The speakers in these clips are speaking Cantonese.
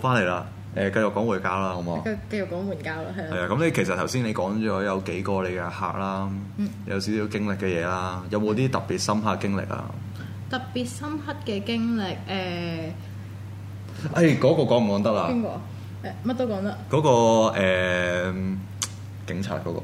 翻嚟啦，誒，繼、呃、續講回教啦，好唔好？繼續繼續講回教啦，係啊。係啊、嗯，咁、嗯、你其實頭先你講咗有幾個你嘅客啦，嗯、有少少經歷嘅嘢啦，有冇啲特，特別深刻經歷啊？特別深刻嘅經歷，誒、哎、誒、那個，嗰個講唔講得啊？邊個？誒、呃，乜都講得。嗰、那個誒、呃，警察嗰、那個。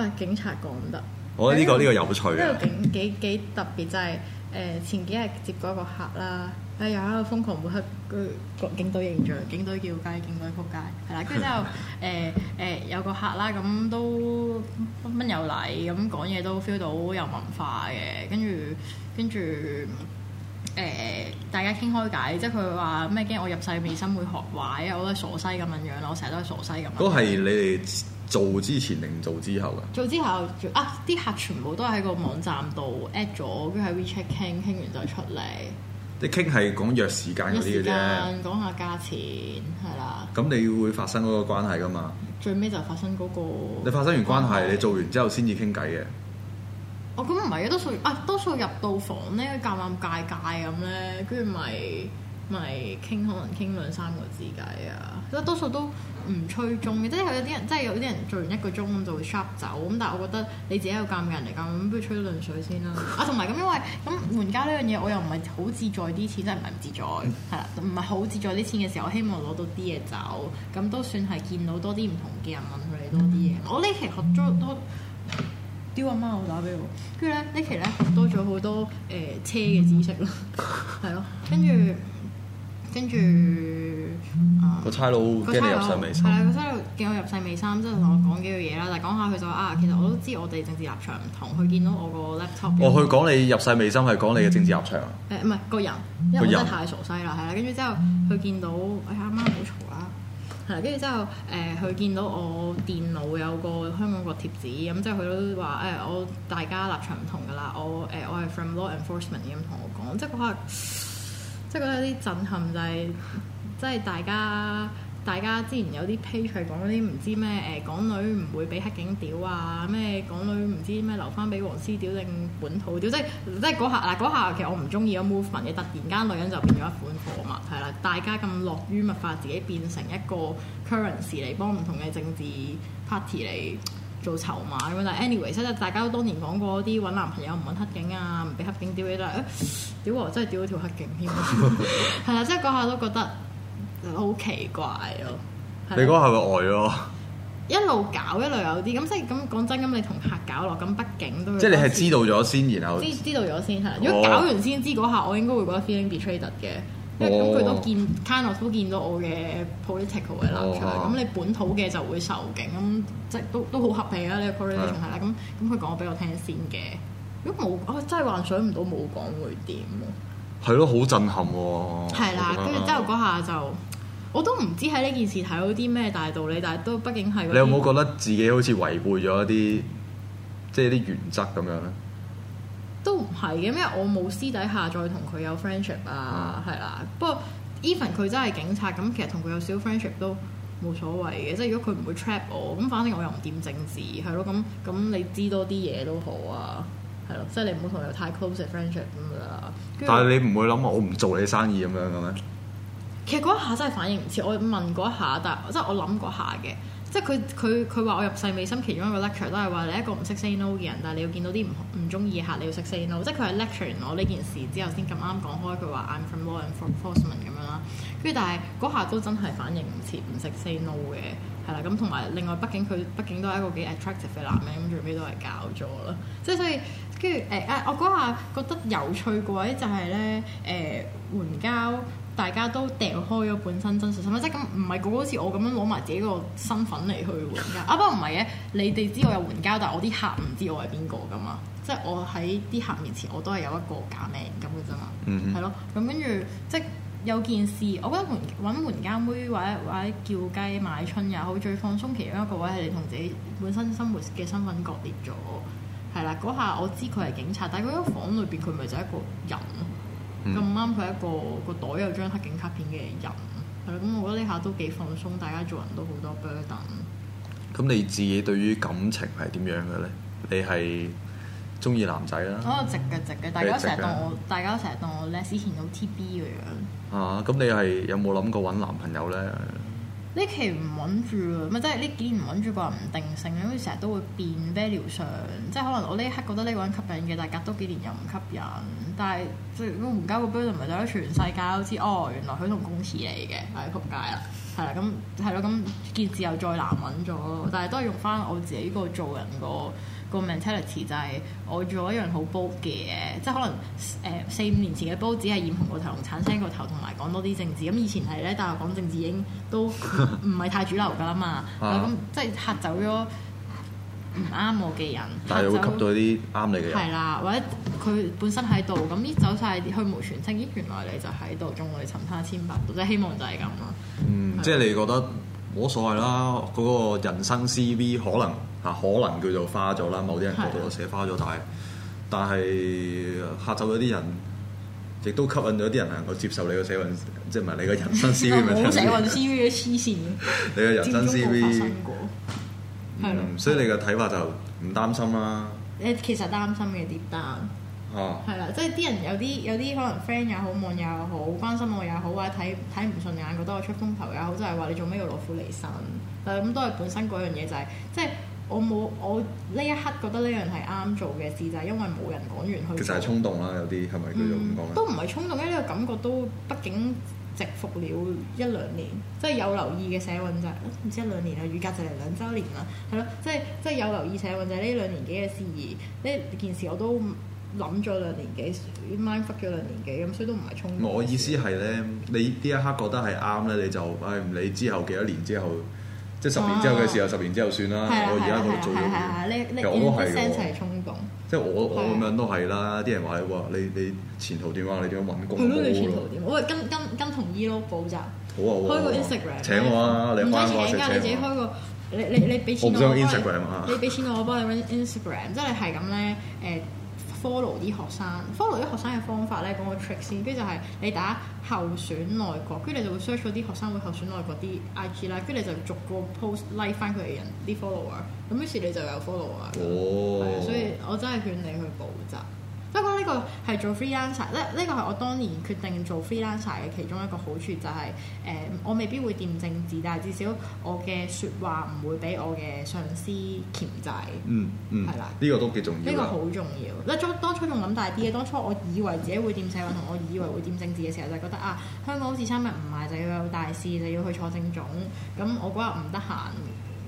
啊，警察講唔得。我覺得呢、這個呢、呃、個有趣啊。呢個警幾幾特別，就係、是、誒、呃、前幾日接過個客啦。哎呀！瘋狂抹黑個警隊形象，警隊叫街，警隊撲街，係啦。跟住之後，誒誒、 欸欸、有個客啦，咁都乜乜有禮，咁講嘢都 feel 到有文化嘅。跟住跟住誒，大家傾開偈，即係佢話咩驚我入世未深會學壞啊！我係傻西咁樣樣咯，我成日都係傻西咁。嗰係你哋做之前定做之後嘅？做之後做啊！啲客全部都喺個網站度 at 咗，跟住喺 WeChat 傾，傾完就出嚟。即傾係講約時間嗰啲嘅啫，時間講下價錢係啦。咁你會發生嗰個關係噶嘛？最尾就發生嗰、嗰個。你發生完關係，嗯、你做完之後先至傾偈嘅。哦，咁唔係啊，多數啊，多數入到房咧，尷尷尬尬咁咧，跟住咪，咪傾，可能傾兩三個字偈啊！咁多數都唔吹鐘嘅，即係有啲人，即係有啲人做完一個鐘就會 shop 走咁。但係我覺得你自己又尷尬，又尷尬，不如吹多兩水先啦。啊，同埋咁，因為咁援交呢樣嘢，我又唔係好自在啲錢，真係唔係唔自在係啦，唔係好自在啲錢嘅時候，我希望攞到啲嘢走咁，都算係見到多啲唔同嘅人問佢哋多啲嘢、嗯。我呢期學咗多，啲阿媽我打俾我，跟住咧呢期咧學多咗好多誒車嘅知識咯，係咯、嗯，跟住。 嗯。跟住個差佬見我入世未深，係啦，個差佬見我入世未深即係同我講幾句嘢啦。但係講下佢就話啊，其實我都知我哋政治立場唔同。佢見到我個 laptop，我去講你入世未深係講你嘅政治立場。誒唔係個人，因為我真係太傻西啦。係啦人，跟住之後佢見到誒啱啱好嘈啦。係、哎、啦，跟住之後誒佢、呃、見到我電腦有個香港個貼紙，咁、嗯、即係佢都話誒、哎、我大家立場唔同噶啦。我誒、呃、我係 from law enforcement 咁同我講，即係講下。那個即係覺得有啲震撼，就是，就係即係大家，大家之前有啲 page 出講嗰啲唔知咩誒、呃、港女唔會俾黑警屌啊？咩港女唔知咩留翻俾黃絲屌定本土屌？即係即係嗰下嗱，嗰下，其實我唔中意個 movement 嘅，突然間女人就變咗一款貨物係啦。大家咁樂於物化自己，變成一個 currency 嚟幫唔同嘅政治 party 嚟。做籌碼咁啊，但 anyway，真係大家都當年講過啲揾男朋友唔揾黑警啊，唔俾黑警屌起都係，屌、欸、 真係屌咗條黑警添，係啦， 即係嗰下都覺得好奇怪咯。你嗰下會呆咯，一路搞一路有啲咁，即係咁講真咁，你同客搞落咁，畢竟都即係你係知道咗先，然後知知道咗先係，如果搞完先知嗰下，我應該會覺得 feeling betrayed 嘅。因為咁佢都見，canal 都、哦、見到我嘅 political 嘅立場，咁、哦、你本土嘅就會受警，咁、啊、即係都都好合理啊！你、呢個、political 係啦是，咁咁佢講咗俾我聽先嘅。如果冇，我、啊、真係幻想唔到冇講會點啊！係咯，好震撼喎、啊！係啦， 跟住之後嗰下就，我都唔知喺呢件事睇到啲咩大道理，但係都畢竟係你有冇覺得自己好似違背咗一啲，即係啲原則咁樣咧？都唔係嘅，咩？我冇私底下再同佢有 friendship 啊，係啦、嗯。不過 even 佢真係警察，咁其實同佢有少 friendship 都冇所謂嘅。即係如果佢唔會 trap 我，咁反正我又唔掂政治，係咯。咁咁你知多啲嘢都好啊，係咯。即係你唔好同佢太 close 嘅 friendship 咁、啊、啦。但係你唔會諗話我唔做你生意咁樣嘅咩？其實嗰一下真係反應唔似，我問嗰一下，但係即係我諗嗰下嘅。即係佢佢佢話我入世未深，其中一個 lecture 都係話你一個唔識 say no 嘅人，但係你要見到啲唔唔中意嘅客，你要識 say no。即係佢係 lecture 完我呢件事之後先咁啱講開，佢話 I'm from law enforcement 咁樣啦。跟住但係嗰下都真係反應唔切，唔識 say no 嘅，係啦。咁同埋另外畢，畢竟佢畢竟都係一個幾 attractive 嘅男人，咁最尾都係搞咗啦。即係所以跟住誒誒，我嗰下覺得有趣嘅就係咧誒援交。呃大家都掉開咗本身真實身份，即係咁唔係個好似我咁樣攞埋自己個身份嚟去援交。啊，不過唔係嘅，你哋知我有援交，但係我啲客唔知我係邊個噶嘛。即係我喺啲客面前，我都係有一個假名咁嘅啫嘛。嗯，嗯。係咯，咁跟住即係有件事，我覺得換揾援交妹或者或者叫雞買春又好，最放鬆其中一個位係你同自己本身生活嘅身份割裂咗。係啦，嗰下我知佢係警察，但係嗰個房裏邊佢咪就係一個人。咁啱佢一個一個袋有張黑警卡片嘅人，係咯，咁我覺得呢下都幾放鬆，大家做人都好多 burden。咁你自己對於感情係點樣嘅咧？你係中意男仔啦？我直嘅直嘅，大家成日直嘅當我，嗯、大家成日當我咧，以前好 TB 嘅樣。啊，咁你係有冇諗過揾男朋友咧？呢期唔穩住啊，咪即係呢幾年唔穩住，個人唔定性，因為成日都會變 value 上，即係可能我呢一刻覺得呢個人吸引嘅，但係隔多幾年又唔吸引。但係即係如果唔交個 building 咪就喺、是、全世界咯，知哦，原來佢同公司嚟嘅，係撲街啦，係啦，咁係咯，咁件事又再難揾咗，但係都係用翻我自己依個做人個。個 mentality 就係我做一樣好煲嘅嘢，即係可能誒四五年前嘅煲，只係染紅個頭，產生個頭同埋講多啲政治。咁以前係咧，大係講政治已經都唔係太主流噶啦嘛。咁 即係嚇走咗唔啱我嘅人，但會吸到嚇走吸到啲啱你嘅人。係啦，或者佢本身喺度，咁啲走曬虛無傳聲，咦？原來你就喺度，眾裏尋他千百度，即係希望就係咁咯。嗯，吧即係你覺得。冇所謂啦，嗰、嗰個人生 C V 可能嚇，可能叫做花咗啦。某啲人覺得我寫花咗，的但係但係嚇走咗啲人，亦都吸引咗啲人能夠接受你個寫運，即係唔係你個人生 C V？我寫運 C V 都黐線。你個人生 C V，嗯，的所以你嘅睇法就唔擔心啦。你其實擔心嘅啲單。哦，係啦，即係啲人有啲有啲可能 friend 又好，網友又好，關心我又好，或者睇睇唔順眼，覺得我出風頭又好，就係、是、話你做咩要攞苦離身？咁都係本身嗰樣嘢就係、是、即係我冇我呢一刻覺得呢樣係啱做嘅事，就係、是、因為冇人講完去。其實係衝動啦，有啲係咪叫做咁講都唔係衝動咧？呢個感覺都畢竟直服了一兩年，即係有留意嘅社運就唔、是、知一兩年啦，雨革就係兩週年啦，係咯，即係即係有留意社運就呢兩年幾嘅事，而呢件事我都。諗咗兩年幾，mind fuck 咗兩年幾，咁所以都唔係衝動。我意思係咧，你呢一刻覺得係啱咧，你就誒唔理之後幾多年之後，即係十年之後嘅時候，十年之後算啦。我而家去做呢啲。其實我都係㗎喎，即係我我咁樣都係啦。啲人話你話你前途點啊？你點樣揾工？佢都係前途點？我係跟跟跟同醫咯，補習。好啊，好開個 Instagram。請我啊，你唔使請㗎，你自己開個。你你你俾錢我。我唔想 Instagram 啊，你俾錢我幫你 run Instagram，即你係咁咧誒。follow 啲學生，follow 啲學生嘅方法咧，講個 trick 先，跟住就係你打候選內閣，跟住你就會 search 咗啲學生會候選內閣啲 IG 啦，跟住你就逐個 post like 翻佢哋人啲 follower，咁於是你就有 follower。哦，係啊。所以我真係勸你去補習。不過呢個係做 freelancer 咧，呢個係我當年決定做 freelancer 嘅其中一個好處就係、是、誒、呃，我未必會掂政治，但係至少我嘅説話唔會俾我嘅上司鉗制。嗯嗯，係啦的，呢個都幾重，重要。呢個好重要。咧，當初仲諗大啲嘅，當初我以為自己會掂社運同我以為會掂政治嘅時候，就是、覺得啊，香港好似三日唔賣就要有大事，就要去坐政總咁。我嗰日唔得閒。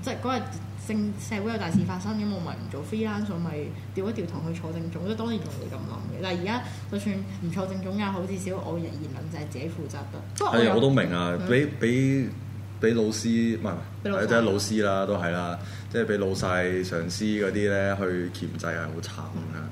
即係嗰日政社會有大事發生，咁我咪唔做 freelance，我咪調一調同佢坐正中。即係當然我會咁諗嘅。但係而家就算唔坐正中又好，至少我言論就係自己負責得。係我，我都明啊，俾俾俾老師唔係，即係老師啦都係啦，即係俾老細、上司嗰啲咧去鉗制係好慘噶。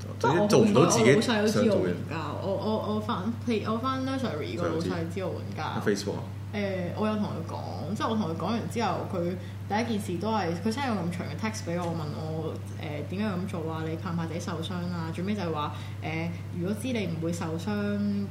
嗯、但我 做唔到自己想做人教，我我我翻譬如我翻 nursery 個老細知道我玩。Facebook 誒，我有同佢講，即係我同佢講完之後，佢。第一件事都係佢真係用咁長嘅 text 俾我，問我誒點解咁做啊？你怕唔怕自己受傷啊？最尾就係話誒，如果知你唔會受傷，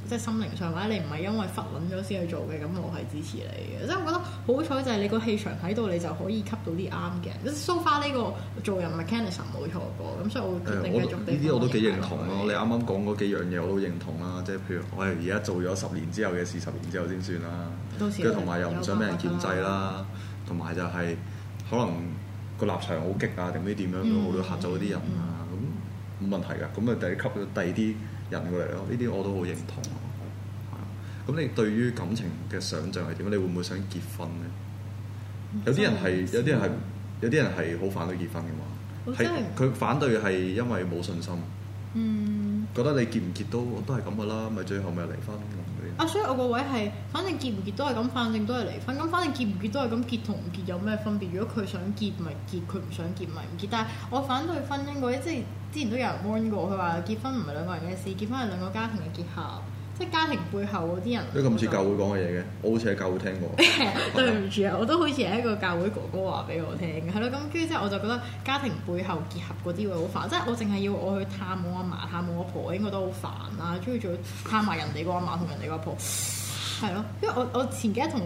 即係心靈上話你唔係因為忽揾咗先去做嘅，咁我係支持你嘅。即係我覺得好彩就係你個氣場喺度，你就可以吸到啲啱嘅。so far 呢個做人 mechanism 冇錯過。咁所以我會決定繼續你。呢啲、哎、我都幾認同咯，你啱啱講嗰幾樣嘢我都認同啦。即係譬如我係而家做咗十年之後嘅事，十年之後先算啦。到時跟住同埋又唔想俾人建制啦。嗯同埋就係、是、可能個立場好激啊，定唔知點樣都好，都嚇走啲人啊，咁冇、嗯、問題嘅。咁啊，第二吸咗第二啲人過嚟咯。呢啲我都好認同咁、嗯嗯、你對於感情嘅想像係點？你會唔會想結婚呢？嗯、有啲人係，有啲人係，有啲人係好反對結婚嘅嘛。係佢、嗯、反對係因為冇信心。嗯。覺得你結唔結都都係咁嘅啦，咪最後咪離婚。啊！所以我個位係，反正結唔結都係咁，反正都係離婚。咁反正結唔結都係咁，結同唔結有咩分別？如果佢想結咪結，佢唔想結咪唔結。但係我反對婚姻嗰啲，即係之前都有人 warn 過，佢話結婚唔係兩個人嘅事，結婚係兩個家庭嘅結合。即係家庭背後嗰啲人，呢個唔似教會講嘅嘢嘅，我，就我好似喺教會聽過。 對唔住啊， 我都好似係一個教會哥哥話俾我聽嘅，係咯。咁跟住之後我就覺得家庭背後結合嗰啲會好煩，即係我淨係要我去探我阿嫲、探我阿婆，我應該都好煩啊。跟住仲要探埋人哋個阿嫲同人哋個阿婆。係咯，因為我我前幾日同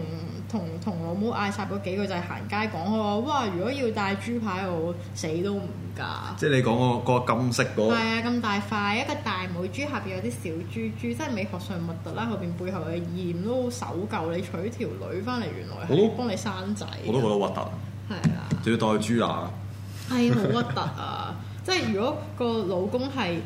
同同老母嗌曬嗰幾個就係行街，講我話，哇！如果要帶豬牌，我死都唔嫁。即係你講個個金色嗰？係啊、嗯，咁大塊一個大母豬，下邊有啲小豬豬，真係美學上唔特啦。後邊背後嘅鹽都守舊，你娶條女翻嚟原來係幫你生仔。我都覺得核突。係啊的。仲要帶豬乸。係好核突啊！ 即係如果個老公係。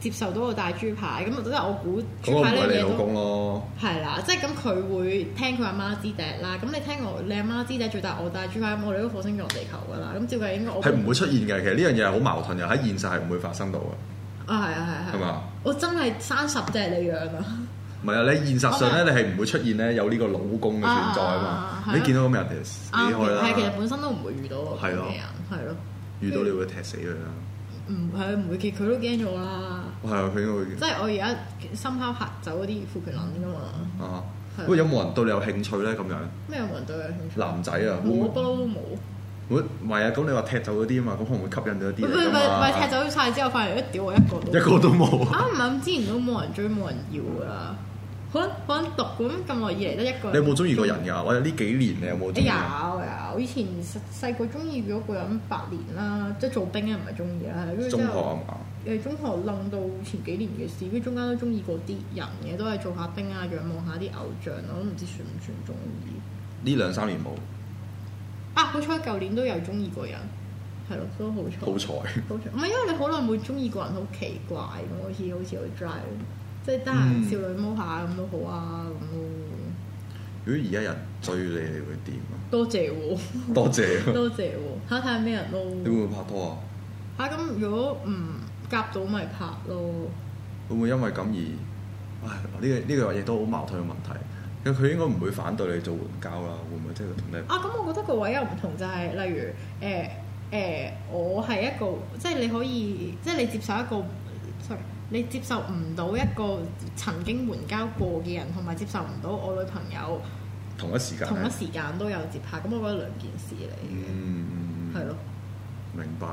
接受到我大豬牌咁，真係我估豬牌呢樣嘢都係啦，即係咁佢會聽佢阿媽支笛啦。咁你聽我，你阿媽支笛最大，我大豬牌。我哋都火星撞地球噶啦。咁照計應該我係唔會出現嘅。其實呢樣嘢係好矛盾嘅，喺現實係唔會發生到嘅。啊係啊係係。係嘛？我真係三十隻你養啊！唔係啊！你現實上咧，你係唔會出現咧有呢個老公嘅存在啊！你見到咁樣嘅事，離開啦。係其實本身都唔會遇到啊，係咯，係咯。遇到你會踢死佢啦。唔係唔會結，佢都驚咗啦。係啊、哦，佢應該會。 即係我而家深刻嚇走嗰啲富權撚㗎嘛。啊，不過的、啊、有冇人對你有興趣咧？咁樣咩有冇人對你有興趣？男仔啊，我不嬲都冇。我唔係啊，咁你話踢走嗰啲啊嘛，咁可能會吸引到一啲嚟㗎嘛。唔係踢走曬之後，發現一啲我一個都一個都冇。啱唔啱？之前都冇人追，冇人要㗎。好，好難讀咁咁耐以嚟得一個。你有冇中意過人㗎？或者呢幾年你有冇？有啊、哎，我以前細細個中意過一個人八年啦，即係做兵啊，唔係中意啦。中學啊嘛。誒，中學愣到前幾年嘅事，跟住中間都中意過啲人嘅，都係做下兵啊，仰望下啲偶像我都唔知算唔算中意？呢兩三年冇。啊！好彩，舊年都有中意過人，係咯，都好彩。好彩運。好唔係因為你好耐冇中意過人，好奇怪咁，好似好似好 dry。即係得閒少女摸下咁都好啊咁咯。如果而家人追你，你會點？多謝喎、啊！ 多謝、啊！多謝喎、啊！睇下睇咩人咯。看看囉，你會唔會拍拖啊？嚇、啊！咁如果唔夾到咪拍咯。會唔會因為咁而？唉，呢、這個呢、這個話亦都好矛盾嘅問題。咁佢應該唔會反對你做援交啦。會唔會即係同你？嗯、啊，咁我覺得個位又唔同、就是，就係例如誒誒、呃呃呃，我係一個即係你可以即係你接受一個。你接受唔到一個曾經援交過嘅人，同埋接受唔到我女朋友同一時間、啊、同一時間都有接拍，咁我覺得兩件事嚟嘅，係咯、嗯，的明白。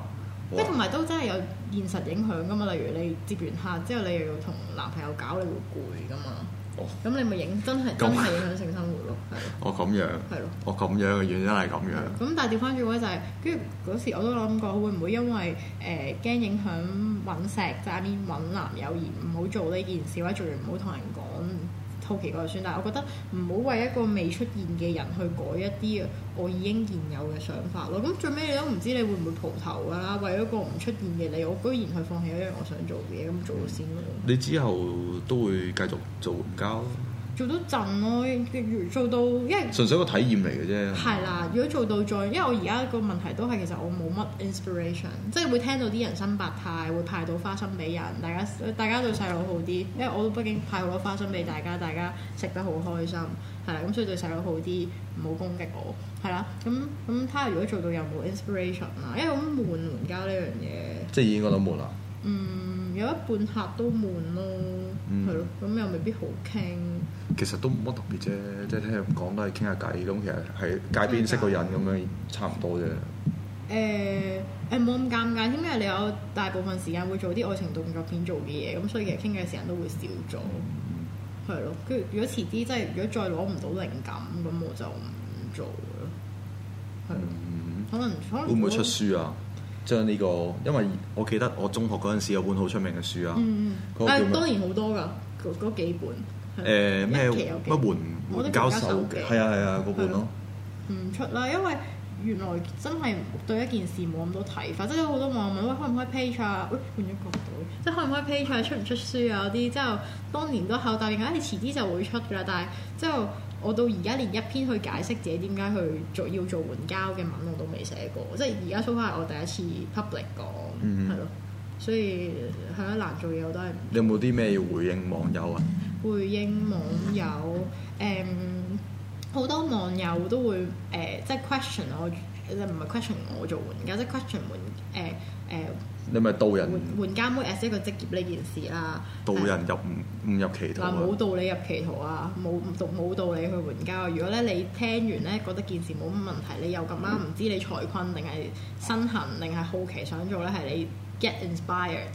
即同埋都真係有現實影響噶嘛，例如你接完客之後，你又要同男朋友搞，你會攰噶嘛。哦，咁你咪影真係是真係影響性生活咯，係。哦咁樣。係咯的。哦咁樣嘅原因係咁樣。咁但係調翻轉位就係、是，跟住嗰時我都諗過會唔會因為誒驚、呃、影響揾石，在下邊揾男友而唔好做呢件事，或者做完唔好同人講。好奇怪算，但係我覺得唔好為一個未出現嘅人去改一啲我已經現有嘅想法咯。咁最尾你都唔知你會唔會蒲頭啊，為一個唔出現嘅你，我居然去放棄一樣我想做嘅嘢，咁做咗先咯。你之後都會繼續做援交？做到盡咯、啊，做到，因為純粹一個體驗嚟嘅啫。係啦，如果做到再，因為我而家個問題都係其實我冇乜 inspiration，即係會聽到啲人生百態，會派到花生俾人，大家大家對細佬好啲，因為我都畢竟派好多花生俾大家，大家食得好開心，係啦，咁所以對細佬好啲，唔好攻擊我，係啦，咁咁睇下如果做到有冇 inspiration 啦，因為我悶援交呢樣嘢，即係已經覺得悶啦。嗯。有一半客都悶咯，係咯、嗯，咁又未必好傾。其實都冇乜特別啫，即係聽人咁講都係傾下偈，咁其實係街邊識個人咁樣差唔多啫。誒誒、嗯，冇咁尷尬，因為你有大部分時間會做啲愛情動作片做嘅嘢，咁所以其實傾嘅時間都會少咗。係咯、嗯，跟如果遲啲，即係如果再攞唔到靈感，咁我就唔做咯。係、嗯嗯，可能可能。會唔會出書啊？將呢、這個，因為我記得我中學嗰陣時有本好出名嘅書啊。嗯嗯。誒，當然好多噶，嗰幾本。誒咩、欸？乜換？交手嘅。我係啊係啊，嗰本咯。唔出啦，因為原來真係對一件事冇咁多睇法，即係好多網民喂，開唔開 page 啊？喂、哎，換咗角度，即係開唔開 page，啊、出唔出書啊？有啲之後當年都考待，而家你遲啲就會出㗎啦。但係之後。我到而家連一篇去解釋自己點解去做要做援交嘅文我都未寫過，即係而家 so far 係我第一次 public 講，係咯、嗯嗯，所以係啊難做嘢我都係。你有冇啲咩要回應網友啊？回應網友誒，好、 um, 多網友都會誒，即、uh, 係 question 我，其實唔係 question 我做援交，即、就、係、是、question 援誒、uh, uh, 你咪導人援援交妹，as 一個職業呢件事啦、啊。導人入唔唔、啊、入歧途？嗱、啊，冇、啊、道理入歧途啊！冇唔讀冇道理去援交。如果咧你聽完咧覺得件事冇乜問題，你又咁啱唔知你財困定係身痕定係好奇想做咧，係你 get inspired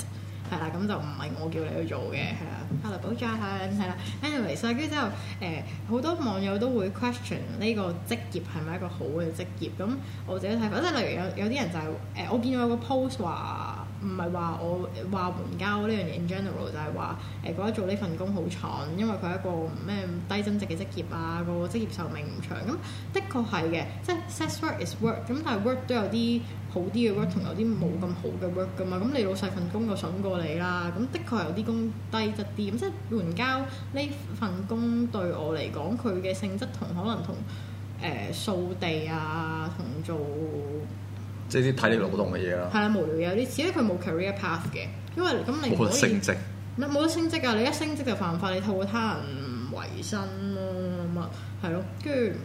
係啦、啊。咁就唔係我叫你去做嘅係 hello 保障係啦。Anyway，跟住之後誒好、呃、多網友都會 question 呢個職業係咪一個好嘅職業咁？我自己睇法即係例如有有啲人就係、是、誒、呃，我見到有個 post 話。唔係話我話援交呢樣嘢 in general 就係話誒覺得做呢份工好慘，因為佢係一個咩低增值嘅職業啊，個職業壽命唔長。咁的確係嘅，即係 sex work is work，咁但係 work 都有啲好啲嘅 work 同有啲冇咁好嘅 work 噶嘛。咁你老細份工就筍過你啦，咁的確係有啲工低質啲。咁即係援交呢份工對我嚟講，佢嘅性質同可能同誒掃、呃、地啊，同做。即係啲體力勞動嘅嘢啦，係啦，無聊有啲似、er，因為佢冇 career path 嘅，因為咁你冇得升職，乜冇得升職啊！你一升職就犯法，你透過他人維生咯、啊，咁啊係咯，跟住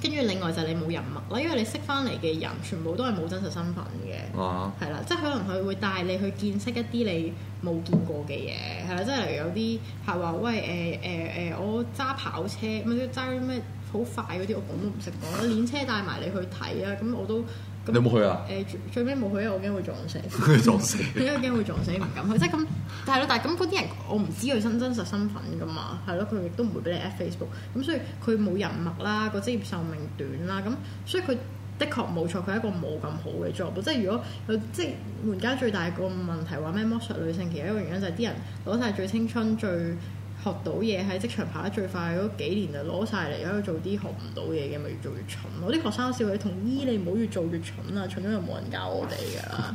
跟住，另外就係你冇人物啦，因為你識翻嚟嘅人全部都係冇真實身份嘅，係啦、啊，即係可能佢會帶你去見識一啲你冇見過嘅嘢，係啦，即係例如有啲係話喂誒誒誒，我揸跑車，咪揸啲咩好快嗰啲，我講都唔識講，練車帶埋你去睇啊，咁我都。那你有冇去啊？誒最尾冇去，因為我驚會撞死。佢撞死。因為驚會撞死，唔 敢去。即係咁，但係咯，但係咁嗰啲人，我唔知佢真真實身份噶嘛，係咯，佢亦都唔會俾你 at Facebook。咁所以佢冇人脈啦，個職業壽命短啦，咁所以佢的確冇錯，佢係一個冇咁好嘅 job。即係如果即係門家最大個問題話咩？剝削女性，其實一個原因就係啲人攞晒最青春最。學到嘢喺職場爬得最快嗰幾年就攞晒嚟喺度做啲學唔到嘢嘅咪越做越蠢咯！啲學生笑佢：「同醫，你唔好越做越蠢啊！蠢咗又冇人教我哋噶，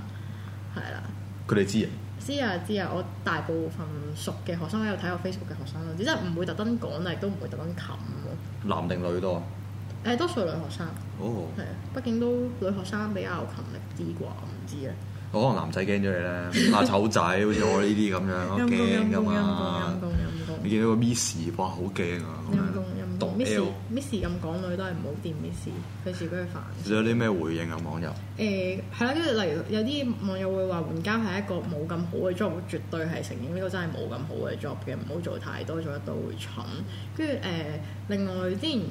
係啦。佢哋知啊？知啊知啊！我大部分熟嘅學生喺度睇我 Facebook 嘅學生，只係唔會特登講，亦都唔會特登冚咯。男定女多？誒、欸，多數女學生。哦。係啊，畢竟都女學生比較勤力啲啩，唔知啊。可能男仔驚咗你咧，怕醜仔好似我呢啲咁樣，驚㗎嘛。你見到個 miss 哇，好驚啊！讀 miss miss 咁港女都係唔好掂 miss，佢自己去煩。有啲咩回應啊？網友誒係啦，跟住例如有啲網友會話援交係一個冇咁好嘅 job，絕對係承認呢個真係冇咁好嘅 job 嘅，唔好做太多，做得多會蠢。跟住誒，另外之前。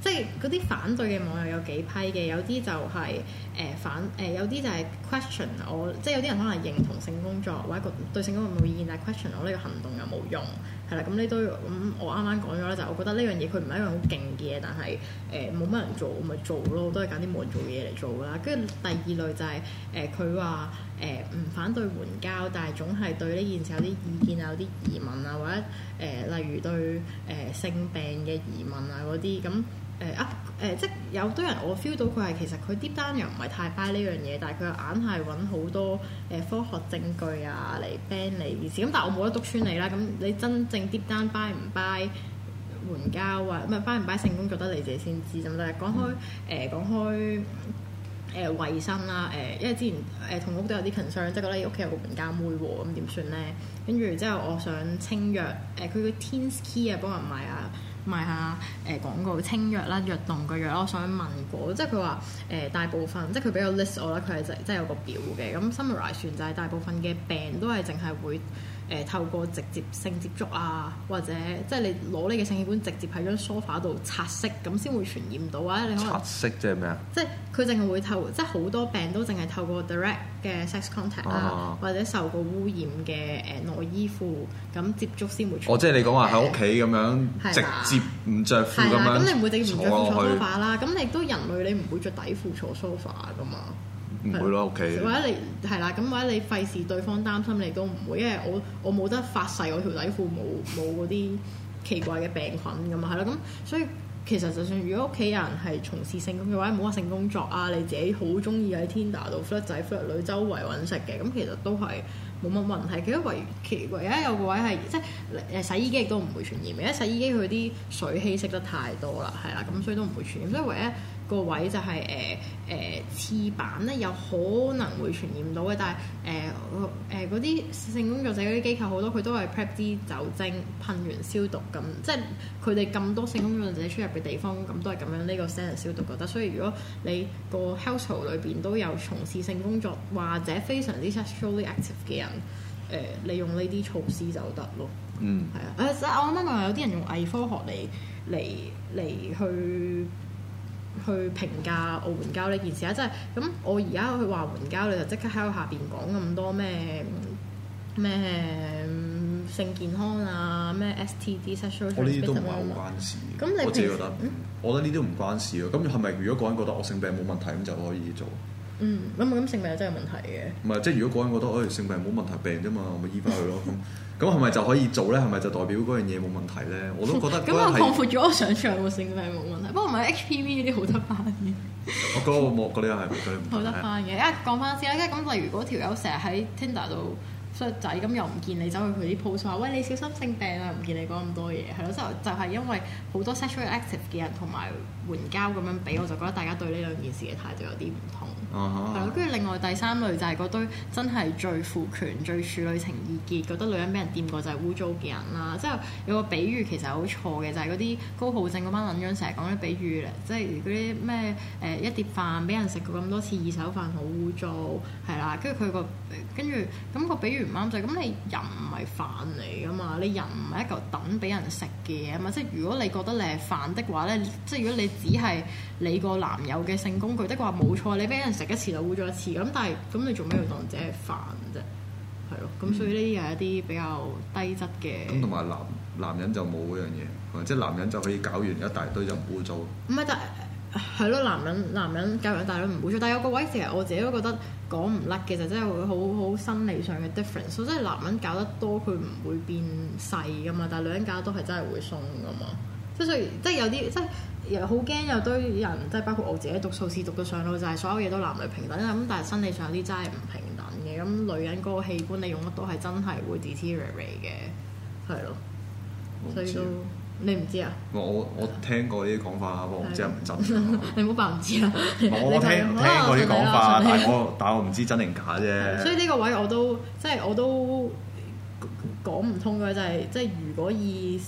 即係嗰啲反對嘅網友有幾批嘅，有啲就係、是、誒、呃、反誒、呃，有啲就係 question 我，即係有啲人可能認同性工作或者個對性工作冇意見，但係 question 我呢個行動又冇用，係啦。咁呢都咁、嗯、我啱啱講咗啦，就是、我覺得呢樣嘢佢唔係一樣好勁嘅嘢，但係誒冇乜人做，咪做咯，都係揀啲無人做嘅嘢嚟做啦。跟住第二類就係誒佢話誒唔反對援交，但係總係對呢件事有啲意見啊、有啲疑問啊，或者誒、呃、例如對誒、呃、性病嘅疑問啊嗰啲咁。誒一誒，即係有多人我 feel 到佢係其實佢啲單又唔係太 buy 呢樣嘢，但係佢又硬係揾好多誒科學證據啊嚟 ban 你件事。咁但係我冇得篤穿你啦。咁你真正啲單 buy 唔 buy 援交啊？唔係 buy 唔 buy 性工作？就得你自己先知。咁但係講開誒、呃、講開誒衞、呃、生啦誒，因為之前誒同屋都有啲 concern，即係覺得屋企有個援交妹喎，咁點算咧？跟住之後我想清約誒，佢叫 Tinskey 啊，幫人買啊。賣下啊，誒、呃、廣告清藥啦，藥動個藥，我想問過，即係佢話誒大部分，即係佢俾個 list 我啦，佢係即係有個表嘅，咁、嗯、summarize 完就係大部分嘅病都係淨係會。誒透過直接性接觸啊，或者即係你攞你嘅性器官直接喺張 sofa 度擦色，咁先會傳染到啊！你可能擦色即係咩啊？即係佢淨係會透，即係好多病都淨係透過 direct 嘅 sex contact 啊，uh huh. 或者受過污染嘅誒、呃、內衣褲咁接觸先會傳哦、啊。即係你講話喺屋企咁樣吧直接唔着褲咁樣咁、啊、你唔會哋唔着褲坐 sofa 啦。咁你亦都人類你唔會着底褲坐 sofa 噶嘛。唔會咯，屋企。或者你係啦，咁或者你費事對方擔心你都唔會，因為我我冇得發誓，我條底褲冇冇嗰啲奇怪嘅病菌咁嘛。係咯，咁所以其實就算如果屋企人係從事性咁嘅話，冇乜性工作啊，你自己好中意喺 Tinder 度 flat 仔 flat 女周圍揾食嘅，咁其實都係冇乜問題。其實唯其唯一有個位係即係誒洗衣機亦都唔會傳染，因為洗衣機佢啲水稀釋得太多啦，係啦，咁所以都唔會傳染。所以唯一個位就係誒誒廁板咧，有可能會傳染到嘅。但係誒誒嗰啲性工作者嗰啲機構好多，佢都係 prep 啲酒精噴完消毒咁，即係佢哋咁多性工作者出入嘅地方，咁都係咁樣呢、呢個 san 消毒得。所以如果你個 household 裏邊都有從事性工作或者非常之 sexually active 嘅人，誒、呃、利用呢啲措施就得咯。嗯，係啊。誒，我諗問下，有啲人用偽科學嚟嚟嚟去。去評價我援交呢件事啊，即係咁我而家去話援交，你就即刻喺我下邊講咁多咩咩性健康啊，咩 STDs，我呢啲都唔係好關事，咁你我自己覺得，我覺得呢啲唔關事咯。咁係咪如果個人覺得我性病冇問題，咁就可以做？嗯，咁啊，咁性病又真係問題嘅。唔係，即係如果嗰個人覺得，哎、欸，性病冇問題，病啫嘛，咪醫翻佢咯。咁咁係咪就可以做咧？係咪就代表嗰樣嘢冇問題咧？我都覺得咁啊，擴、 嗯、闊咗我想像，性病冇問題。不過唔係 H P V 呢啲好得翻嘅。我嗰個莫嗰啲係佢好得翻嘅。一講翻先啦，一講例如，如果條友成日喺 Tinder 度篩仔，咁又唔見你走去佢啲 post 話，喂，你小心性病啊，唔見你講咁多嘢，係咯，即就係、是、因為好多 sexual active 嘅人同埋。援交咁樣俾我就覺得大家對呢兩件事嘅態度有啲唔同，係咯、啊哈。跟住另外第三類就係嗰堆真係最父權、最處女情意結，覺得女人俾人掂過就係污糟嘅人啦。即係有個比喻其實好錯嘅，就係嗰啲高浩正嗰班撚樣成日講啲比喻咧，即係嗰啲咩誒一碟飯俾人食過咁多次，二手飯好污糟係啦。跟住佢個跟住咁個比喻唔啱就係。咁你人唔係飯嚟噶嘛？你人唔係一嚿等俾人食嘅嘢嘛？即係如果你覺得你係飯的話咧，即係如果你只係你個男友嘅性工具，的確話冇錯，你俾人食一次就污咗一次。咁但係，咁你做咩要當自己係飯啫？係咯、嗯，咁所以呢啲係一啲比較低質嘅。咁同埋男男人就冇嗰樣嘢，即係男人就可以搞完一大堆就唔污糟。唔係但係咯、嗯，男人男人搞完一大堆唔污糟，但係有個位其實我自己都覺得講唔甩嘅就真係會好好生理上嘅 difference。所以即係男人搞得多佢唔會變細噶嘛，但係女人搞得多，係真係會鬆噶嘛。即係有啲即係又好驚有堆人，即係包括我自己讀數字讀到上腦，就係所有嘢都男女平等咁，但係心理上有啲真係唔平等嘅。咁女人嗰個器官你用得多係真係會 deteriorate 嘅，係咯。所以都你唔知啊？我我聽過呢啲講法，我唔知係唔真。 你唔好扮唔知啊？我我聽聽過啲講法，但係我但係我唔知真定假啫。所以呢個位我都即係我都講唔通嘅，就係即係如果以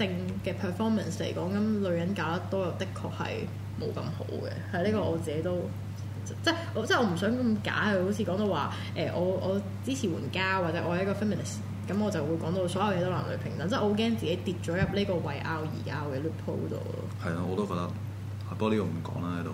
定嘅 performance 嚟講，咁女人搞得多又的確係冇咁好嘅，係呢個我自己都即係我即係我唔想咁假佢好似講到話誒，我我、欸、我，我支持援交，或者我係一個 feminist，咁我就會講到所有嘢都男女平等，即係我好驚自己跌咗入呢個為拗而拗嘅 loop 度咯。係啊，我都覺得，不過呢個唔講啦喺度。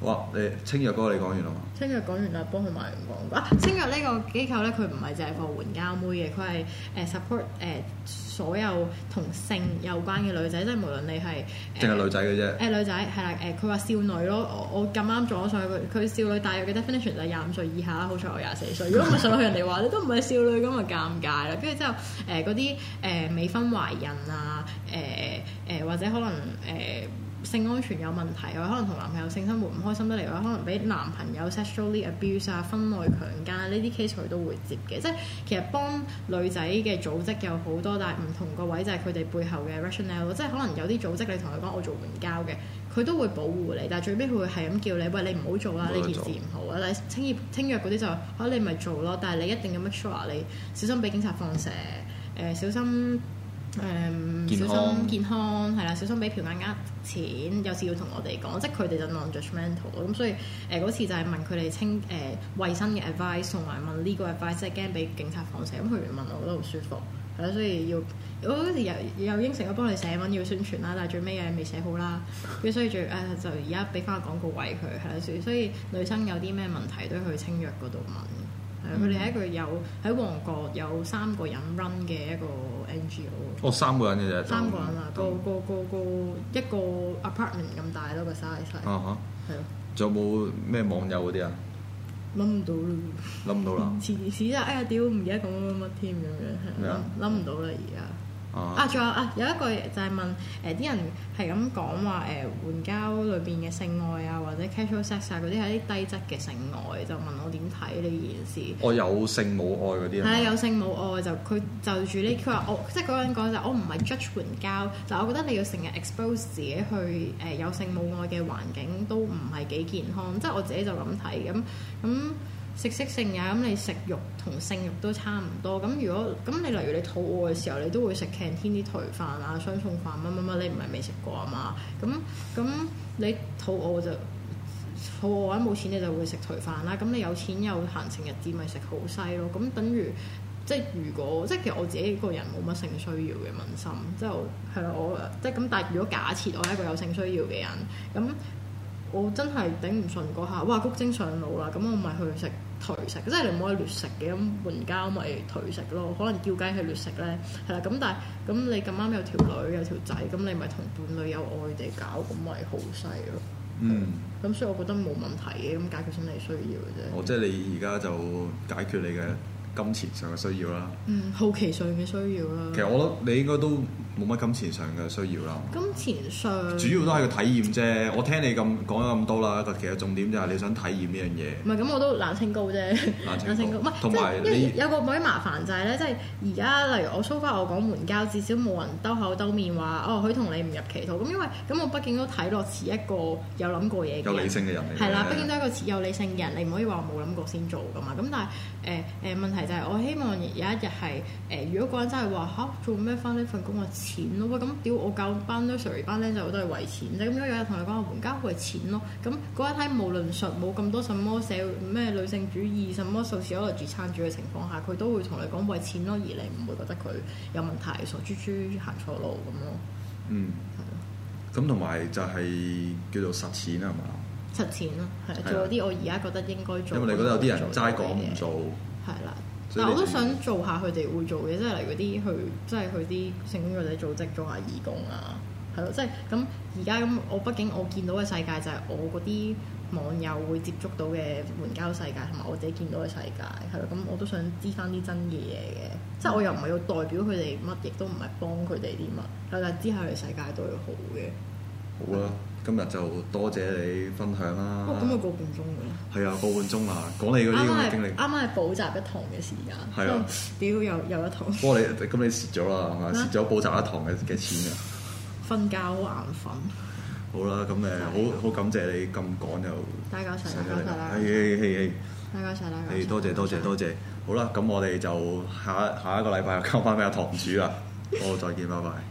哇！你青躍哥你講完啦嘛？青躍講完啦，幫佢埋完講。啊， 青躍呢個機構咧，佢唔係淨係個援交妹嘅，佢係誒 support 誒、呃、所有同性有關嘅女仔，即係無論你係淨係女仔嘅啫。誒、呃、女仔係啦，誒佢話少女咯。我我咁啱撞咗上去，佢少女大約嘅 definition 就係廿五歲以下，好彩我廿四歲，如果唔係上去人哋話你都唔係少女咁啊，尷尬啦。跟住之後誒嗰啲誒未婚懷孕啊，誒、呃、誒、呃、或者可能誒。呃性安全有問題，可能同男朋友性生活唔開心得嚟，或者可能俾男朋友 sexually abuse 啊、婚內強姦呢啲 case 佢都會接嘅，即係其實幫女仔嘅組織有好多，但係唔同個位就係佢哋背後嘅 rationale 即係可能有啲組織你同佢講我做援交嘅，佢都會保護你，但係最尾佢會係咁叫你喂你唔好做啦，呢件事唔好啦。你清夜清約嗰啲就可、啊、你咪做咯，但係你一定要 make sure 你小心俾警察放蛇，誒、呃、小心。誒、嗯、康小心健康係啦，小心俾嫖客呃錢。有事要同我哋講，即係佢哋就 non-judgmental 咁，所以誒嗰、呃、次就係問佢哋清誒衞、呃、生嘅 advice，同埋問呢個 advice，即係驚俾警察放蛇。咁佢哋問我覺得好舒服，係啦，所以要我嗰時又又應承我幫你寫文要宣傳啦，但係最尾嘢未寫好啦，跟所以最誒、呃、就而家俾翻個廣告位佢係啦，所所以女生有啲咩問題都去清約嗰度問。係，佢哋係一個有喺旺角有三個人 run 嘅一個 NGO。哦，三個人嘅啫。三個人啊，個、嗯、個個個一個 apartment 咁大咯，個 size 係。啊仲哈的有冇咩網友嗰啲啊？諗唔到啦。諗唔到啦。似似得，哎呀，屌唔記得咁乜乜乜添咁樣，係啊，諗唔到啦而家。啊，仲有啊，有一個就係問誒啲、呃、人係咁講話誒援交裏邊嘅性愛啊，或者 casual sex 啊嗰啲係啲低質嘅性愛，就問我點睇呢件事。我有性冇愛嗰啲。係啊，嗎啊，有性冇愛就佢就住呢，佢話我即係嗰個人講就我唔係 judge 援交，但我覺得你要成日 expose 自己去誒、呃、有性冇愛嘅環境都唔係幾健康，即係我自己就咁睇咁咁。食色性也，咁你食肉同性肉都差唔多。咁如果咁，你例如你肚餓嘅時候，你都會食 canteen 啲頹飯啊、雙餸飯乜乜乜，你唔係未食過啊嘛？咁咁你肚餓就肚餓咁、啊、冇錢，你就會食頹飯啦。咁你有錢有閒情逸緻，咪食好西咯。咁等於即係如果即係其實我自己個人冇乜性需要嘅問心，即係我啦，我即係咁。但係如果假設我係一個有性需要嘅人，咁我真係頂唔順嗰下，哇！谷精上腦啦，咁我咪去食。頹食即係你唔可以亂食嘅，咁援交咪頹食咯。可能叫雞係劣食咧，係啦。咁但係咁你咁啱有條女有條仔，咁你咪同伴侶有愛地搞，咁咪好曬咯。嗯，咁所以我覺得冇問題嘅，咁解決生理需要嘅啫。哦，即係你而家就解決你嘅。金錢上嘅需要啦、嗯，好奇上嘅需要啦。其實我覺得你應該都冇乜金錢上嘅需要啦。金錢上主要都係個體驗啫。我聽你咁講咗咁多啦，其實重點就係你想體驗呢樣嘢。唔係咁，我都冷清高啫，冷清高。唔係，因為因為有個位麻煩就係、是、咧，即係而家例如我 so far 我講門交至少冇人兜口兜面話哦，佢同你唔入歧途。咁因為咁，我畢竟都睇落似一個有諗過嘢嘅有理性嘅人，係啦，畢竟都係一個有理性嘅人。的你唔可以話我冇諗過先做噶嘛。咁但係誒誒問題。就係我希望有一日係誒，如果個人真係話嚇做咩返呢份工啊，錢咯，咁屌我教班咧、上完班咧，就好多係為錢咧。咁有一日同你講援交，係錢咯。咁、嗯、嗰一睇，無論述冇咁多什麼社會咩女性主義、什麼數字度住撐住嘅情況下，佢都會同你講為錢咯，而你唔會覺得佢有問題、傻豬豬行錯路咁咯。嗯，係咯的。咁同埋就係叫做實踐啦，係嘛？實踐咯，係做啲我而家覺得應該做，因為你覺得有啲人齋講唔做，係啦。嗱，我都想做下佢哋會做嘅，即係例如啲去，即係去啲性工作者組織做下義工啊，係咯，即係咁而家咁，我畢竟我見到嘅世界就係我嗰啲網友會接觸到嘅援交世界，同埋我自己見到嘅世界，係咯，咁我都想知翻啲真嘅嘢嘅，嗯、即係我又唔係要代表佢哋乜，亦都唔係幫佢哋啲乜，但係知下佢哋世界都要好嘅。好啊。今日就多謝你分享啦！哇，咁咪個半鐘嘅咯？係啊，個半鐘啊，講你啲咁嘅經歷。啱啱係補習一堂嘅時間。係啊，屌又又一堂。不過你咁你蝕咗啦，係咪蝕咗補習一堂嘅嘅錢啊？瞓覺好眼瞓。好啦，咁誒，好好感謝你咁趕又。大家常嚟講啦。大家常嚟。你多謝多謝多謝。好啦，咁我哋就下下一個禮拜交翻俾阿堂主啦。好，再見，拜拜。